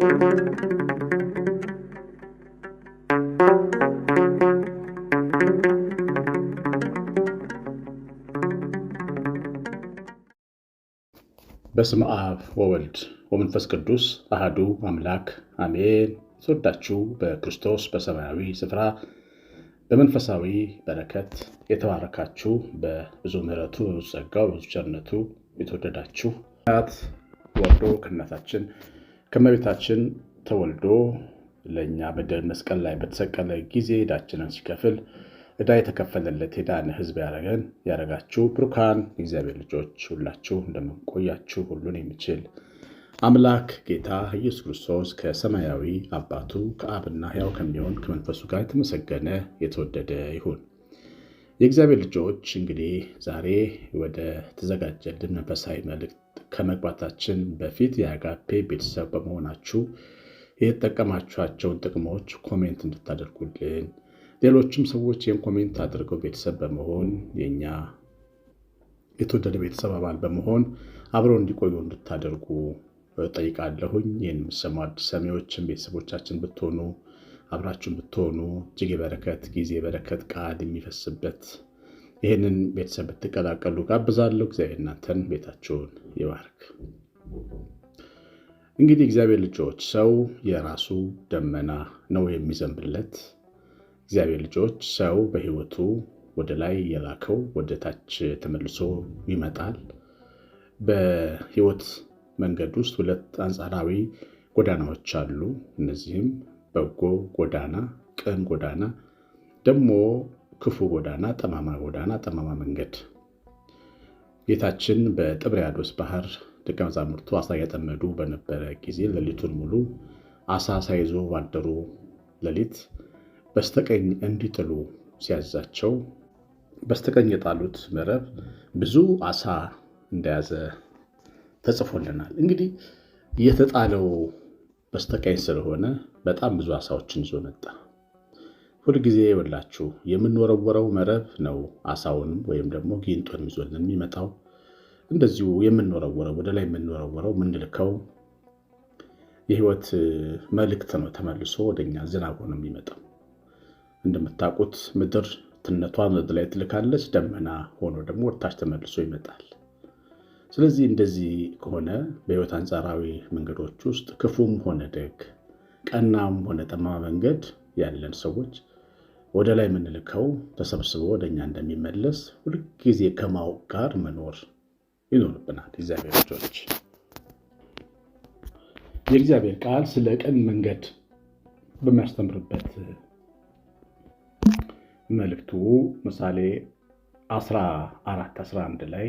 በስም አብ ወወልድ ወመንፈስ ቅዱስ አህዱ አምላክ አሜን። የተወዳችሁ በክርስቶስ በሰማያዊ ስፍራ በመንፈሳዊ በረከት የተባረካችሁ በብዙ ምሕረቱ በብዙ ጸጋው በብዙ ቸርነቱ የተወደዳችሁ እናት ወርዶ ከእናታችን ከመቤታችን ተወልዶ ለእኛ በደል መስቀል ላይ በተሰቀለ ጊዜ ዕዳችንን ሲከፍል ዕዳ የተከፈለለት የዳነ ሕዝብ ያደረገን ያደረጋችሁ ብሩካን የእግዚአብሔር ልጆች ሁላችሁ እንደምንቆያችሁ ሁሉን የሚችል አምላክ ጌታ ኢየሱስ ክርስቶስ ከሰማያዊ አባቱ ከአብና ሕያው ከሚሆን ከመንፈሱ ጋር የተመሰገነ የተወደደ ይሁን። የእግዚአብሔር ልጆች እንግዲህ ዛሬ ወደ ተዘጋጀልን መንፈሳዊ መልእክት ከመግባታችን በፊት የአጋፔ ቤተሰብ በመሆናችሁ የተጠቀማችኋቸውን ጥቅሞች ኮሜንት እንድታደርጉልን ሌሎችም ሰዎች ይህን ኮሜንት አድርገው ቤተሰብ በመሆን የኛ የተወደደ ቤተሰብ አባል በመሆን አብረው እንዲቆዩ እንድታደርጉ ጠይቃለሁኝ። ይህን የምሰሙ አዲስ ሰሚዎችን ቤተሰቦቻችን ብትሆኑ አብራችሁን ብትሆኑ እጅግ የበረከት ጊዜ የበረከት ቃል የሚፈስበት ይህንን ቤተሰብ ብትቀላቀሉ ጋብዛለሁ። እግዚአብሔር እናንተን ቤታችሁን ይባርክ። እንግዲህ እግዚአብሔር ልጆች ሰው የራሱ ደመና ነው የሚዘንብለት። እግዚአብሔር ልጆች ሰው በህይወቱ ወደ ላይ የላከው ወደ ታች ተመልሶ ይመጣል። በህይወት መንገድ ውስጥ ሁለት አንጻራዊ ጎዳናዎች አሉ። እነዚህም በጎ ጎዳና፣ ቅን ጎዳና ደግሞ ክፉ ጎዳና፣ ጠማማ ጎዳና፣ ጠማማ መንገድ ጌታችን በጥብርያዶስ ባህር ደቀ መዛሙርቱ አሳ እያጠመዱ በነበረ ጊዜ ሌሊቱን ሙሉ አሳ ሳይዞ ባደሩ ሌሊት በስተቀኝ እንዲጥሉ ሲያዛቸው በስተቀኝ የጣሉት መረብ ብዙ አሳ እንደያዘ ተጽፎልናል። እንግዲህ የተጣለው በስተቀኝ ስለሆነ በጣም ብዙ አሳዎችን ይዞ መጣ። ሁልጊዜ ይወላችሁ የምንወረወረው መረብ ነው። አሳውንም ወይም ደግሞ ጊንጦን ይዞልን የሚመጣው እንደዚሁ የምንወረወረው ወደ ላይ የምንወረወረው ምንልከው የህይወት መልእክት ነው። ተመልሶ ወደኛ ዝናቡ ነው የሚመጣው እንደምታውቁት ምድር ትነቷን ወደ ላይ ትልካለች፣ ደመና ሆኖ ደግሞ ወደታች ተመልሶ ይመጣል። ስለዚህ እንደዚህ ከሆነ በህይወት አንጻራዊ መንገዶች ውስጥ ክፉም ሆነ ደግ፣ ቀናም ሆነ ጠማማ መንገድ ያለን ሰዎች ወደ ላይ የምንልከው ተሰብስቦ ወደ እኛ እንደሚመለስ ሁልጊዜ ከማወቅ ጋር መኖር ይኖርብናል። እግዚአብሔር ልጆች የእግዚአብሔር ቃል ስለ ቅን መንገድ በሚያስተምርበት መልእክቱ ምሳሌ 14 11 ላይ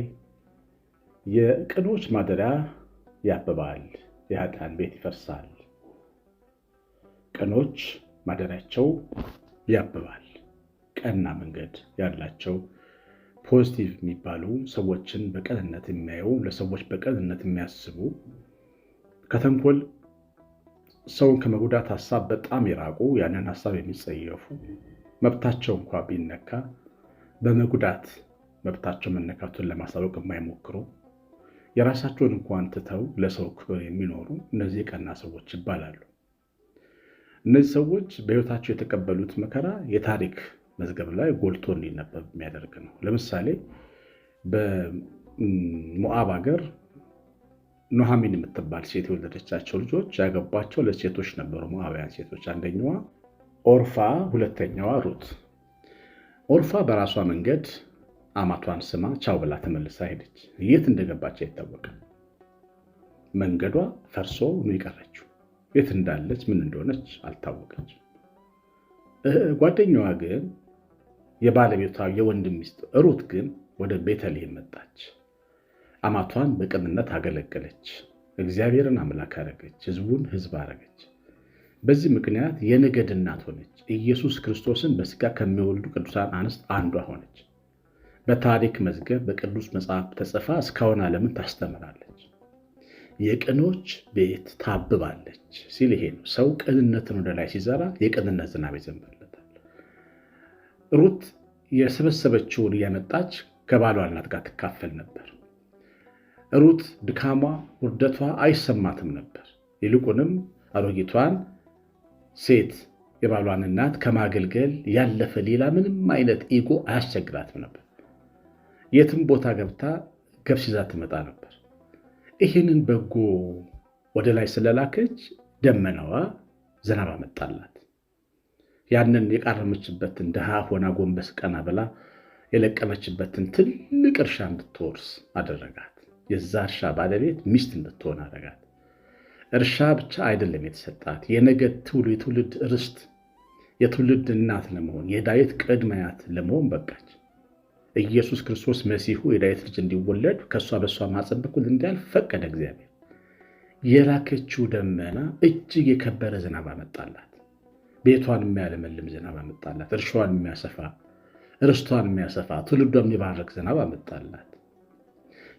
የቅኖች ማደሪያ ያብባል፣ የኃጥኣን ቤት ይፈርሳል። ቅኖች ማደሪያቸው ያብባል። ቀና መንገድ ያላቸው ፖዚቲቭ የሚባሉ ሰዎችን በቀንነት የሚያዩ ለሰዎች በቀንነት የሚያስቡ ከተንኮል ሰውን ከመጉዳት ሀሳብ በጣም የራቁ ያንን ሀሳብ የሚጸየፉ መብታቸው እንኳ ቢነካ በመጉዳት መብታቸው መነካቱን ለማሳወቅ የማይሞክሩ የራሳቸውን እንኳን ትተው ለሰው ክብር የሚኖሩ እነዚህ የቀና ሰዎች ይባላሉ። እነዚህ ሰዎች በህይወታቸው የተቀበሉት መከራ የታሪክ መዝገብ ላይ ጎልቶ እንዲነበብ የሚያደርግ ነው። ለምሳሌ በሞአብ ሀገር ኖሃሚን የምትባል ሴት የወለደቻቸው ልጆች ያገቧቸው ለሴቶች ነበሩ፣ ሞአብያን ሴቶች። አንደኛዋ ኦርፋ፣ ሁለተኛዋ ሩት። ኦርፋ በራሷ መንገድ አማቷን ስማ ቻው ብላ ተመልሳ ሄደች። የት እንደገባች አይታወቅም። መንገዷ ፈርሶ ነው የቀረችው። የት እንዳለች ምን እንደሆነች አልታወቀች። ጓደኛዋ ግን የባለቤቷ የወንድም ሚስት ሩት ግን ወደ ቤተልሔም መጣች። አማቷን በቅንነት አገለገለች። እግዚአብሔርን አምላክ አረገች፣ ህዝቡን ህዝብ አረገች። በዚህ ምክንያት የነገድ እናት ሆነች። ኢየሱስ ክርስቶስን በስጋ ከሚወልዱ ቅዱሳን አንስት አንዷ ሆነች። በታሪክ መዝገብ በቅዱስ መጽሐፍ ተጽፋ እስካሁን ዓለምን ታስተምራለች። የቅኖች ቤት ታብባለች ሲል ይሄ ነው። ሰው ቅንነትን ወደ ላይ ሲዘራ የቅንነት ዝናብ ይዘንብለታል። ሩት የሰበሰበችውን እያመጣች ከባሏ እናት ጋር ትካፈል ነበር። ሩት ድካሟ፣ ውርደቷ አይሰማትም ነበር። ይልቁንም አሮጊቷን ሴት የባሏን እናት ከማገልገል ያለፈ ሌላ ምንም አይነት ኢጎ አያስቸግራትም ነበር። የትም ቦታ ገብታ ገብስ ይዛ ትመጣ ነበር። ይህንን በጎ ወደ ላይ ስለላከች ደመናዋ ዝናብ አመጣላት። ያንን የቃረመችበትን ድሃ ሆና ጎንበስ ቀና ብላ የለቀመችበትን ትልቅ እርሻ እንድትወርስ አደረጋት። የዛ እርሻ ባለቤት ሚስት እንድትሆን አደረጋት። እርሻ ብቻ አይደለም የተሰጣት የነገ የትውልድ ርስት፣ የትውልድ እናት ለመሆን የዳዊት ቅድመ አያት ለመሆን በቃች። ኢየሱስ ክርስቶስ መሲሁ የዳዊት ልጅ እንዲወለድ ከእሷ በእሷ ማኅፀን በኩል እንዲያልፍ ፈቀደ እግዚአብሔር። የላከችው ደመና እጅግ የከበረ ዝናብ አመጣላት። ቤቷን የሚያለመልም ዝናብ አመጣላት። እርሻዋን የሚያሰፋ ርስቷን የሚያሰፋ ትውልዷን የሚባረክ ዝናብ አመጣላት።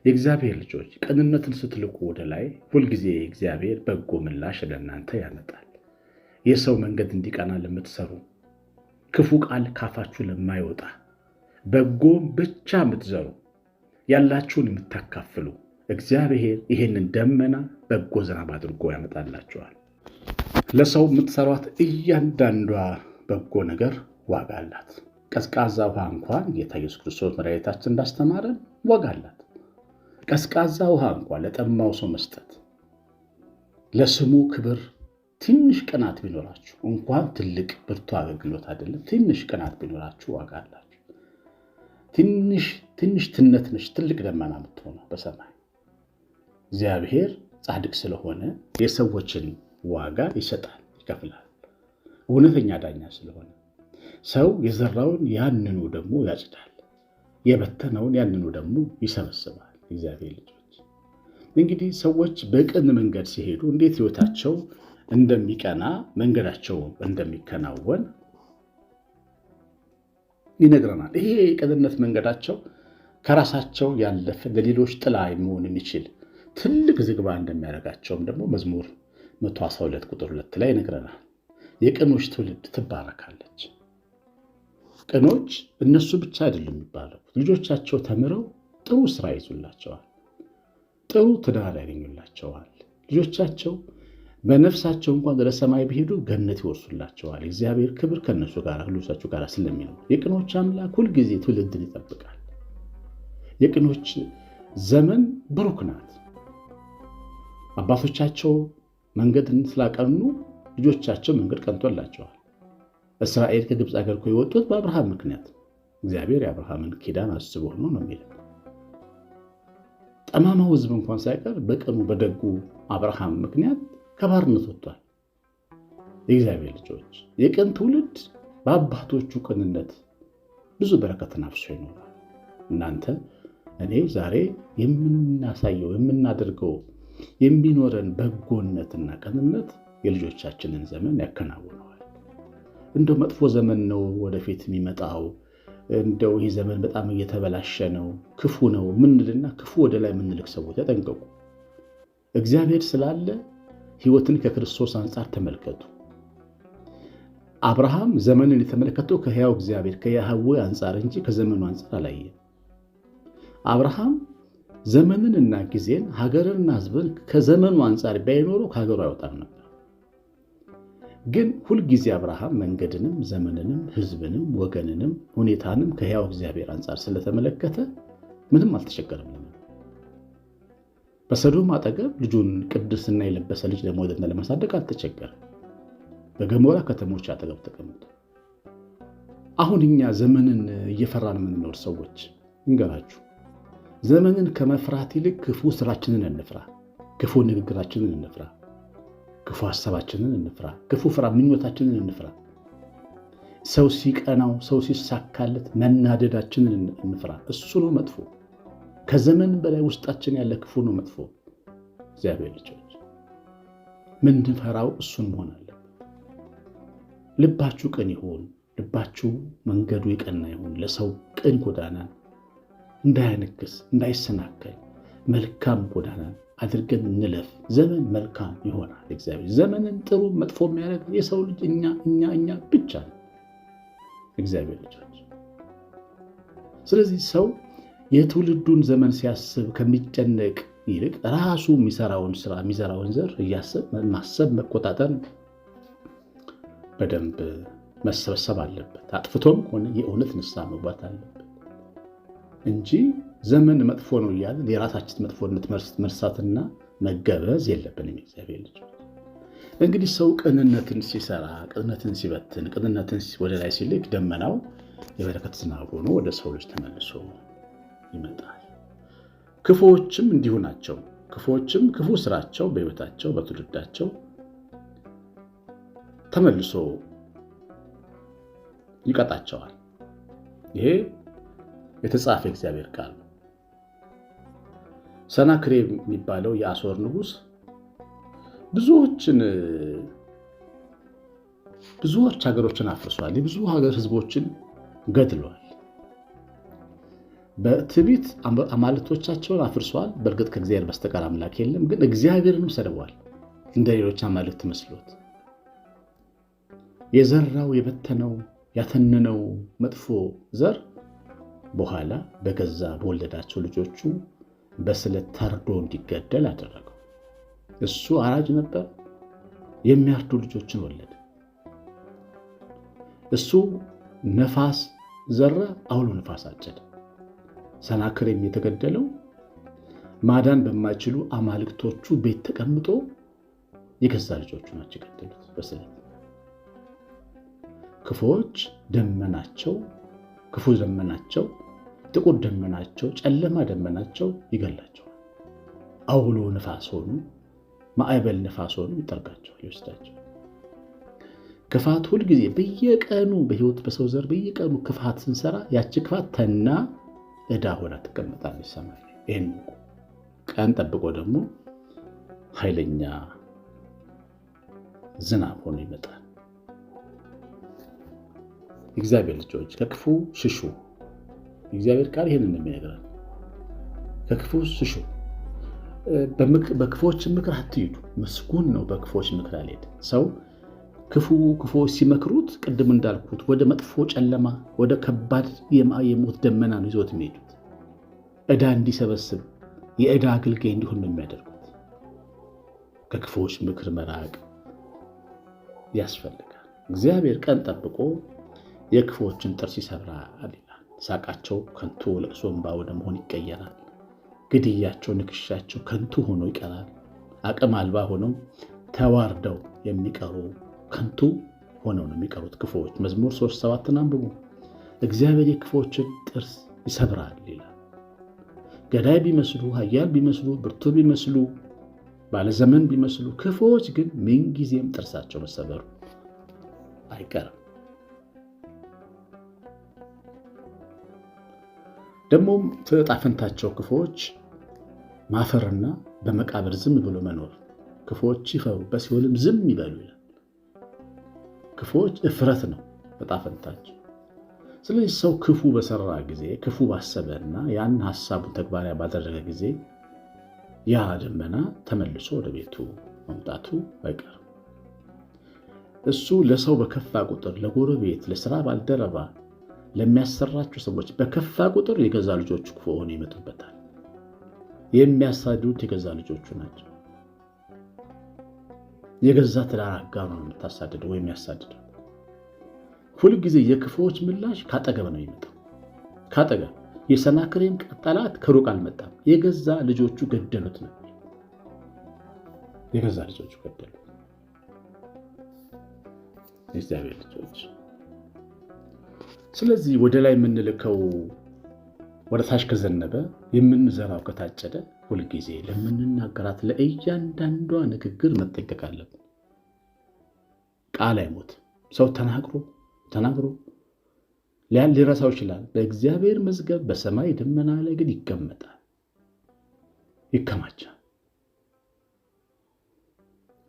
የእግዚአብሔር ልጆች ቀንነትን ስትልቁ ወደ ላይ፣ ሁልጊዜ የእግዚአብሔር በጎ ምላሽ ለእናንተ ያመጣል። የሰው መንገድ እንዲቀና ለምትሰሩ ክፉ ቃል ካፋችሁ ለማይወጣ በጎም ብቻ የምትዘሩ ያላችሁን የምታካፍሉ እግዚአብሔር ይህንን ደመና በጎ ዝናብ አድርጎ ያመጣላችኋል። ለሰው የምትሰሯት እያንዳንዷ በጎ ነገር ዋጋ አላት። ቀዝቃዛ ውሃ እንኳን ጌታ ኢየሱስ ክርስቶስ መድኃኒታችን እንዳስተማረን ዋጋ አላት። ቀዝቃዛ ውሃ እንኳን ለጠማው ሰው መስጠት፣ ለስሙ ክብር ትንሽ ቅናት ቢኖራችሁ እንኳን ትልቅ ብርቱ አገልግሎት አይደለም። ትንሽ ቅናት ቢኖራችሁ ዋጋ አላት። ትንሽ ትንሽ ትነት ነች ትልቅ ደመና የምትሆነው በሰማይ እግዚአብሔር ጻድቅ ስለሆነ የሰዎችን ዋጋ ይሰጣል፣ ይከፍላል። እውነተኛ ዳኛ ስለሆነ ሰው የዘራውን ያንኑ ደግሞ ያጭዳል፣ የበተነውን ያንኑ ደግሞ ይሰበስባል። እግዚአብሔር ልጆች እንግዲህ ሰዎች በቅን መንገድ ሲሄዱ እንዴት ህይወታቸው እንደሚቀና መንገዳቸው እንደሚከናወን ይነግረናል። ይሄ የቅንነት መንገዳቸው ከራሳቸው ያለፈ ለሌሎች ጥላ የሚሆን የሚችል ትልቅ ዝግባ እንደሚያደርጋቸውም ደግሞ መዝሙር 112 ቁጥር 2 ላይ ይነግረናል። የቅኖች ትውልድ ትባረካለች። ቅኖች እነሱ ብቻ አይደሉም የሚባረኩት፣ ልጆቻቸው ተምረው ጥሩ ስራ ይዙላቸዋል፣ ጥሩ ትዳር ያገኙላቸዋል። ልጆቻቸው በነፍሳቸው እንኳን ወደ ሰማይ ቢሄዱ ገነት ይወርሱላቸዋል። እግዚአብሔር ክብር ከነሱ ጋር ከልብሳቸው ጋር ስለሚኖር የቅኖች አምላክ ሁልጊዜ ትውልድን ይጠብቃል። የቅኖች ዘመን ብሩክ ናት። አባቶቻቸው መንገድን ስላቀኑ ልጆቻቸው መንገድ ቀንቶላቸዋል። እስራኤል ከግብፅ አገር እኮ የወጡት በአብርሃም ምክንያት እግዚአብሔር የአብርሃምን ኪዳን አስቦ ሆኖ ነው የሚለው ጠማማው ሕዝብ እንኳን ሳይቀር በቀኑ በደጉ አብርሃም ምክንያት ከባርነት ወጥቷል። የእግዚአብሔር ልጆች የቀን ትውልድ በአባቶቹ ቅንነት ብዙ በረከት ናፍሶ ይኖራል። እናንተ እኔ ዛሬ የምናሳየው የምናደርገው የሚኖረን በጎነትና ቀንነት የልጆቻችንን ዘመን ያከናውነዋል። እንደው መጥፎ ዘመን ነው ወደፊት የሚመጣው እንደው ይህ ዘመን በጣም እየተበላሸ ነው፣ ክፉ ነው ምንልና ክፉ ወደ ላይ የምንልክ ሰዎች ተጠንቀቁ። እግዚአብሔር ስላለ ህይወትን ከክርስቶስ አንጻር ተመልከቱ። አብርሃም ዘመንን የተመለከተው ከሕያው እግዚአብሔር ከያህዌ አንጻር እንጂ ከዘመኑ አንጻር አላየም። አብርሃም ዘመንንና ጊዜን ሀገርንና ህዝብን ከዘመኑ አንጻር ባይኖረው ከሀገሩ አይወጣም ነበር። ግን ሁልጊዜ አብርሃም መንገድንም ዘመንንም ህዝብንም ወገንንም ሁኔታንም ከሕያው እግዚአብሔር አንጻር ስለተመለከተ ምንም አልተቸገረም። በሰዶም አጠገብ ልጁን ቅድስና የለበሰ ልጅ ለመውለድና ለማሳደግ አልተቸገረም። በገሞራ ከተሞች አጠገብ ተቀምጦ አሁን እኛ ዘመንን እየፈራን የምንኖር ሰዎች እንገራችሁ፣ ዘመንን ከመፍራት ይልቅ ክፉ ስራችንን እንፍራ፣ ክፉ ንግግራችንን እንፍራ፣ ክፉ ሀሳባችንን እንፍራ፣ ክፉ ፍራ ምኞታችንን እንፍራ። ሰው ሲቀናው፣ ሰው ሲሳካለት መናደዳችንን እንፍራ። እሱ ነው መጥፎ። ከዘመን በላይ ውስጣችን ያለ ክፉ ነው መጥፎ። እግዚአብሔር ልጆች ምንፈራው እሱን መሆን አለበት። ልባችሁ ቅን ይሁን፣ ልባችሁ መንገዱ የቀና ይሁን፣ ለሰው ቅን ጎዳና እንዳያነክስ እንዳይሰናከል መልካም ጎዳና አድርገን እንለፍ። ዘመን መልካም ይሆናል። እግዚአብሔር ዘመንን ጥሩ መጥፎ የሚያደርግ የሰው ልጅ እኛ እኛ እኛ ብቻ ነው። እግዚአብሔር ልጆች ስለዚህ ሰው የትውልዱን ዘመን ሲያስብ ከሚጨነቅ ይልቅ ራሱ የሚሰራውን ስራ የሚዘራውን ዘር እያሰብ ማሰብ መቆጣጠር በደንብ መሰብሰብ አለበት። አጥፍቶም ሆነ የእውነት ንስሐ መግባት አለበት እንጂ ዘመን መጥፎ ነው እያለን የራሳችን መጥፎነት መርሳትና መገበዝ የለብንም። እግዚአብሔር ልጅ እንግዲህ ሰው ቅንነትን ሲሰራ፣ ቅንነትን ሲበትን፣ ቅንነትን ወደ ላይ ሲልቅ ደመናው የበረከት ዝናብ ሆኖ ወደ ሰው ልጅ ተመልሶ ይመጣል። ክፉዎችም እንዲሁ ናቸው። ክፉዎችም ክፉ ስራቸው በህይወታቸው በትውልዳቸው ተመልሶ ይቀጣቸዋል። ይሄ የተጻፈ እግዚአብሔር ቃል ነው። ሰናክሬም የሚባለው የአሶር ንጉስ ብዙዎችን ብዙዎች ሀገሮችን አፍርሷል። የብዙ ሀገር ህዝቦችን ገድሏል። በትቢት አማልክቶቻቸውን አፍርሰዋል። በእርግጥ ከእግዚአብሔር በስተቀር አምላክ የለም፣ ግን እግዚአብሔርንም ሰድቧል። እንደ ሌሎች አማልክት መስሎት የዘራው የበተነው ያተነነው መጥፎ ዘር በኋላ በገዛ በወለዳቸው ልጆቹ በስለት ተርዶ እንዲገደል አደረገው። እሱ አራጅ ነበር፣ የሚያርዱ ልጆችን ወለደ። እሱ ነፋስ ዘራ፣ አውሎ ነፋስ አጨደ። ሰናክሬም የተገደለው ማዳን በማይችሉ አማልክቶቹ ቤት ተቀምጦ የገዛ ልጆቹ ናቸው የገደሉት በስለት። ክፉዎች ደመናቸው ክፉ ደመናቸው ጥቁር ደመናቸው ጨለማ ደመናቸው ይገላቸዋል። አውሎ ነፋስ ሆኑ ማዕበል ንፋስ ሆኑ ይጠርጋቸዋል፣ ይወስዳቸው። ክፋት ሁልጊዜ በየቀኑ በህይወት በሰው ዘር በየቀኑ ክፋት ስንሰራ ያቺ ክፋት ተና ዕዳ ሆና ትቀመጣለች ሰማይ። ይህን ቀን ጠብቆ ደግሞ ኃይለኛ ዝናብ ሆኖ ይመጣል። እግዚአብሔር ልጆች ከክፉ ሽሹ። እግዚአብሔር ቃል ይህንን የሚነግረን ከክፉ ሽሹ። በክፎች ምክር አትሂዱ። ምስጉን ነው በክፎች ምክር አልሄድም ሰው ክፉ ክፉዎች ሲመክሩት ቅድም እንዳልኩት ወደ መጥፎ ጨለማ፣ ወደ ከባድ የሞት ደመና ነው ይዞት የሚሄዱት። ዕዳ እንዲሰበስብ የዕዳ አገልጋይ እንዲሆን ነው የሚያደርጉት። ከክፉዎች ምክር መራቅ ያስፈልጋል። እግዚአብሔር ቀን ጠብቆ የክፉዎችን ጥርስ ይሰብራል ይላል። ሳቃቸው ከንቱ ለቅሶ እንባ ወደ መሆን ይቀየራል። ግድያቸው፣ ንክሻቸው ከንቱ ሆኖ ይቀራል። አቅም አልባ ሆነው ተዋርደው የሚቀሩ ከንቱ ሆነው ነው የሚቀሩት ክፉዎች። መዝሙር ሶስት ሰባትን አንብቡ። እግዚአብሔር የክፉዎችን ጥርስ ይሰብራል ይላል። ገዳይ ቢመስሉ፣ ኃያል ቢመስሉ፣ ብርቱ ቢመስሉ፣ ባለዘመን ቢመስሉ ክፉዎች ግን ምንጊዜም ጥርሳቸው መሰበሩ አይቀርም። ደግሞም ዕጣ ፈንታቸው ክፉዎች ማፈርና በመቃብር ዝም ብሎ መኖር፣ ክፉዎች ይፈሩ በሲኦልም ዝም ይበሉ ክፉዎች እፍረት ነው እጣ ስለዚህ ሰው ክፉ በሰራ ጊዜ ክፉ ባሰበና ያን ሀሳቡን ተግባራዊ ባደረገ ጊዜ ያ ደመና ተመልሶ ወደ ቤቱ መምጣቱ አይቀርም። እሱ ለሰው በከፋ ቁጥር ለጎረቤት፣ ለስራ ባልደረባ፣ ለሚያሰራቸው ሰዎች በከፋ ቁጥር የገዛ ልጆቹ ክፉ ሆነው ይመጡበታል። የሚያሳድዱት የገዛ ልጆቹ ናቸው። የገዛ ትዳር አጋር ነው የምታሳድደው ወይም ያሳድደው። ሁልጊዜ የክፉዎች ምላሽ ካጠገብ ነው የሚመጣው። ካጠገብ የሰናክሬም ጠላት ከሩቅ አልመጣም። የገዛ ልጆቹ ገደሉት ነው የገዛ ልጆቹ ገደሉት። የእግዚአብሔር ልጆች ስለዚህ ወደ ላይ የምንልከው ወደ ታች ከዘነበ የምንዘራው ከታጨደ ሁልጊዜ ለምንናገራት ለእያንዳንዷ ንግግር መጠንቀቅ አለብን። ቃል አይሞት። ሰው ተናግሮ ተናግሮ ሊረሳው ይችላል። በእግዚአብሔር መዝገብ በሰማይ ደመና ላይ ግን ይቀመጣል፣ ይከማቻል።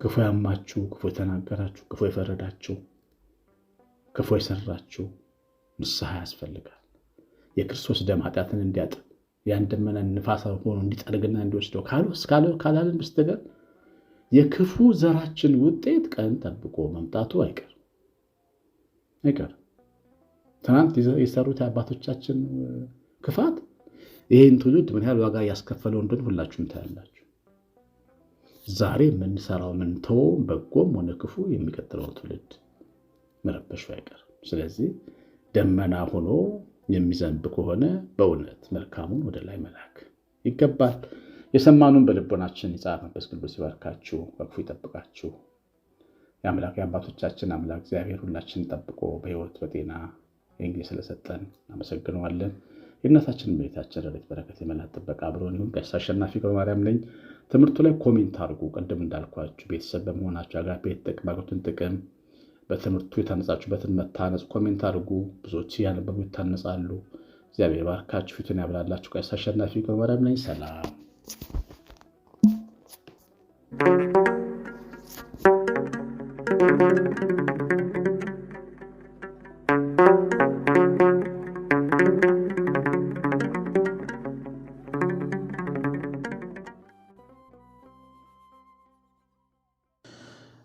ክፉ ያማችሁ፣ ክፉ የተናገራችሁ፣ ክፉ የፈረዳችሁ፣ ክፉ የሰራችሁ ንስሐ ያስፈልጋል። የክርስቶስ ደም ኃጢአትን እንዲያጥብ ያን ደመና ንፋስ ሆኖ እንዲጠርግና እንዲወስደው ካላለን በስተቀር የክፉ ዘራችን ውጤት ቀን ጠብቆ መምጣቱ አይቀር አይቀር። ትናንት የሰሩት የአባቶቻችን ክፋት ይህን ትውልድ ምን ያህል ዋጋ እያስከፈለው እንደሆነ ሁላችሁም ታያላችሁ። ዛሬ የምንሰራው ምንተወው በጎም ሆነ ክፉ የሚቀጥለውን ትውልድ መረበሹ አይቀር። ስለዚህ ደመና ሆኖ የሚዘንብ ከሆነ በእውነት መልካሙን ወደ ላይ መላክ ይገባል። የሰማኑን በልቦናችን ይጻፍ። መንፈስ ቅዱስ ይባርካችሁ፣ በክፉ ይጠብቃችሁ። የአምላክ የአባቶቻችን አምላክ እግዚአብሔር ሁላችን ጠብቆ በህይወት በጤና ይህን ጊዜ ስለሰጠን አመሰግነዋለን። የእናታችን ቤታችን ረድኤት በረከት የመላት ጥበቃ አብሮን እንዲሁም ቀሲስ አሸናፊ ገብረማርያም ነኝ። ትምህርቱ ላይ ኮሜንት አድርጉ። ቅድም እንዳልኳችሁ ቤተሰብ በመሆናችሁ አጋፔ ጥቅም አግኝታችሁን ጥቅም በትምህርቱ የታነጻችሁበትን መታነጽ ኮሜንት አድርጉ። ብዙዎች ያነበቡ ይታነጻሉ። እግዚአብሔር ባርካችሁ ፊቱን ያብላላችሁ። ቀሲስ አሸናፊ ገመዳም ነኝ። ሰላም